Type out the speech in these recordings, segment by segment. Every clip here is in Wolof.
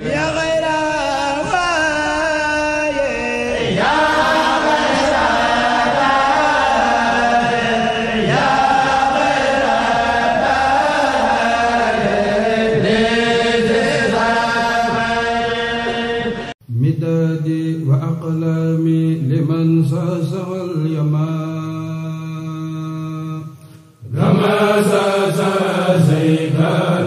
يا غير مدادي وأقلامي لمن ساسغ اليماء كما ساسى سيدنا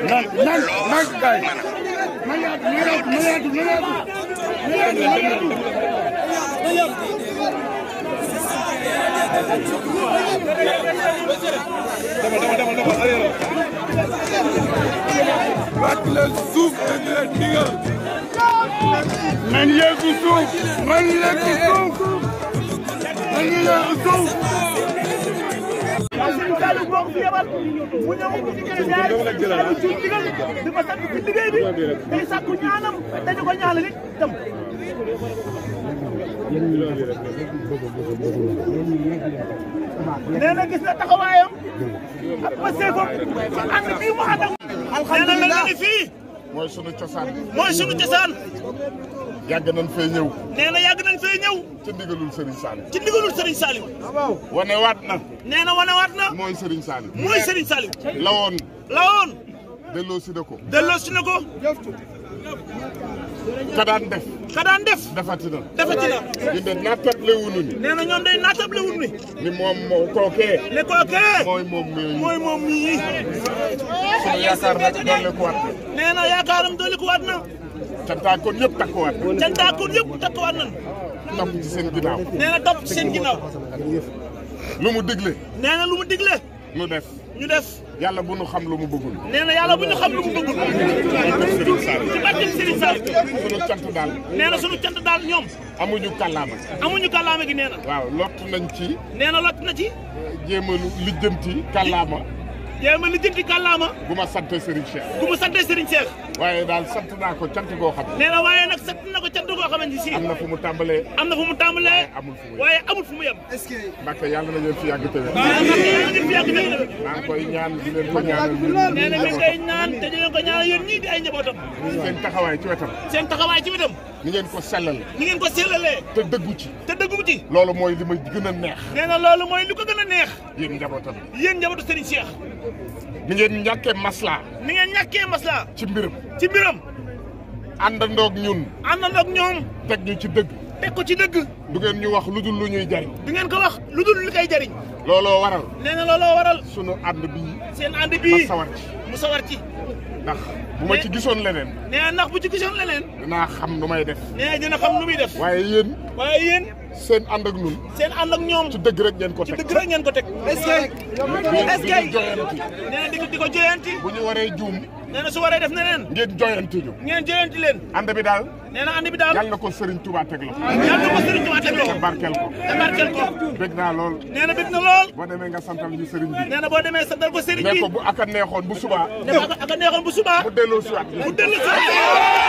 Bak leen xaalis moo ko fi yebal mu ñëw sàkku ah. ci ndigal di ko sàkku ci liggéey bi day sàkku ñaanam dañu ko ñaanal it dem nee na gis na taxawaayam ak pasteefam ci ànd bii mu ànd ak nee na mel na ni fii mooy sunu cosaan. mooy sunu cosaan. yàgg nañ fee ñëw. nee na yàgg nañ fee ñëw. ci ndigalul Serigne Saliou. waat na. nee na wane waat na. mooy Serigne Saliou. mooy Serigne Saliou. lawoon. lawoon. delloo si na ko. delloo si na ko. ka daan def. ka def. defati na. defati na. ñun de naatable ñoom day naatable wuñu ni. ni moom moo kookee. ne kookee. mooy moom mii. mooy moom mii. sunu yaakaar nag doon na ko waat. nee na yaakaaram dolikuwaat na. cantaakoon yëpp takkuwaat na. cantaakoon yëpp takkuwaat nañu. topp ci seen ginnaaw. nee topp ci seen ginnaaw. lu mu digle. nee lu mu digle. ñu def. ñu def. yàlla bu ñu xam lu mu bëggul. nee yàlla bu ñu xam lu mu bëggul. ci bàjjen Serigne Sall. sunu cant daal. nee sunu cant daal ñoom. amuñu kàllaama. amuñu kàllaama gi nee waaw lott nañ ci. nee na na ci. jéem lijjanti kàllaama. yaa ma lijjanti kàllaama bu ma sant Serigne Cheikh bu ma sant Serigne Cheikh waaye daal sant naa ko cant goo xam nee na waaye nag sant na ko xamante ni si am na fu mu tàmbalee am na fu mu tàmbalee waaye amul fu mu yem Mbacke yàlla na ngeen fi yàgg tëwé maa ngi koy ñaan di ko ñaan te di leen ko di ay njabootam seen taxawaay ci wetam seen taxawaay ci wetam ni ngeen ko sellal ni ngeen ko sellalee te dëggu te dëggu ci loolu mooy li ma gën a neex nee na loolu mooy li ko gën a neex yéen njabootam yéen njabootu Serigne Cheikh ni ngeen ñàkkee masla ni ngeen ñàkkee masla ci mbiram ci mbiram ndoog ñun. àndandoog ñoom. teg ñu ci dëgg. teg ko ci dëgg. du ngeen ñu wax lu dul lu ñuy jariñ. du ngeen ko wax lu dul lu koy jariñ. looloo waral. nee na looloo waral. sunu ànd bii. seen ànd bii ma sawar ci. mu sawar ci. ndax bu ma ci gisoon leneen. nee na ndax bu ci gisoon leneen. dinaa xam nu may def. nee na dina xam nu muy def. waaye yéen. waaye yéen. seen ànd ak ñun. seen ànd ak ñoom ci dëgg rek ngeen ko teg ci ngeen ko teg. est-ce que est-ce que nee na di ko joyanti. bu ñu waree juum. nee na su waree def neneen. ngeen joyanti ñu. ngeen joyanti leen. ànd bi daal. na bi daal yàlla na ko Serigne Touba teg loxo. yàlla na ko Serigne Touba teg loxo. te barkeel ko te barkeel ko. bég naa lool. nee na bég na lool. boo demee nga nee na boo demee santal ko Serigne bi. ne ko bu ak a neexoon bu subaa. ne ko ak a neexoon bu subaa. mu delloo si waat.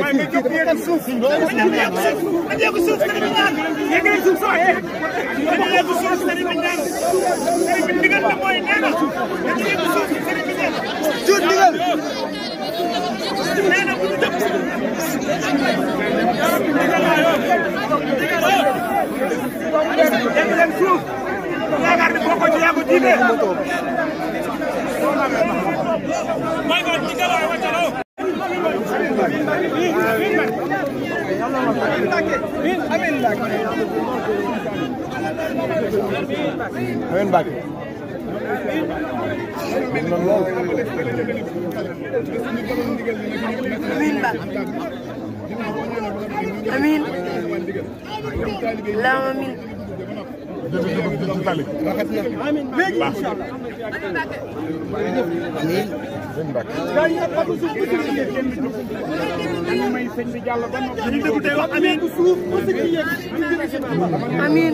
Mas me que eu quero susto. Mas eu que susto terminado. E que isso só não, Mas eu que susto não, Ele me não, na mãe, não, Mas eu que susto não, Tudo liga. não, tudo tá. não, suruh, jangan não, dia begini. não, mai, tinggal awak cakap. Amin back. Amin. Lam amin. Léegi incha allah. Amin. Amin. sëñ bi jàll ba noppi. ñu déglu tey wax amiin suuf pour que ñu yëg amiin.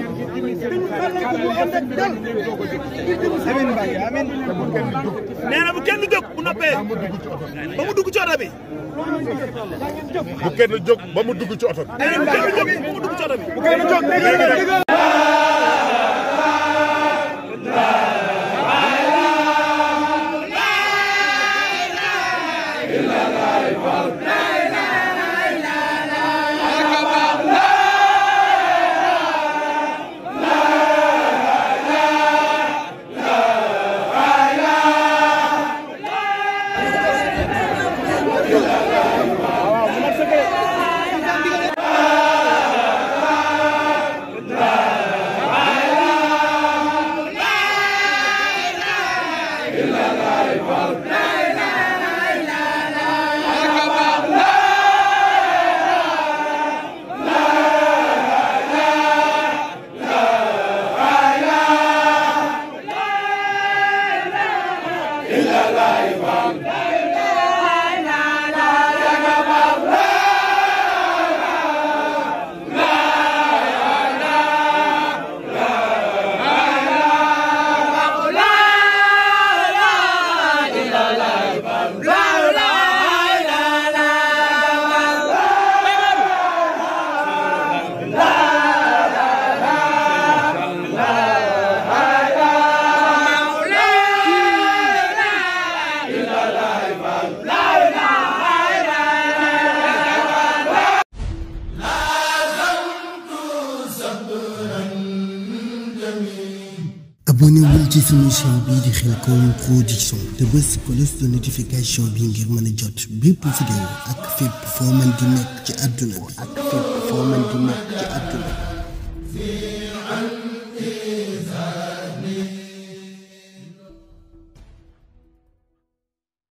nee na bu kenn jóg bu noppee ba mu dugg ci oto bi. bu kenn jóg ba mu dugg ci oto bi. bu kenn jóg ba mu dugg ci oto bi. bu kenn jóg abonné ci suñu chaîne bii di Khelcom production te bés cloche de notification bi ngir mën a jot bépp vidéo ak fépp foo mën di nekk ci àdduna bi ak fépp foo mën di nekk ci àdduna bi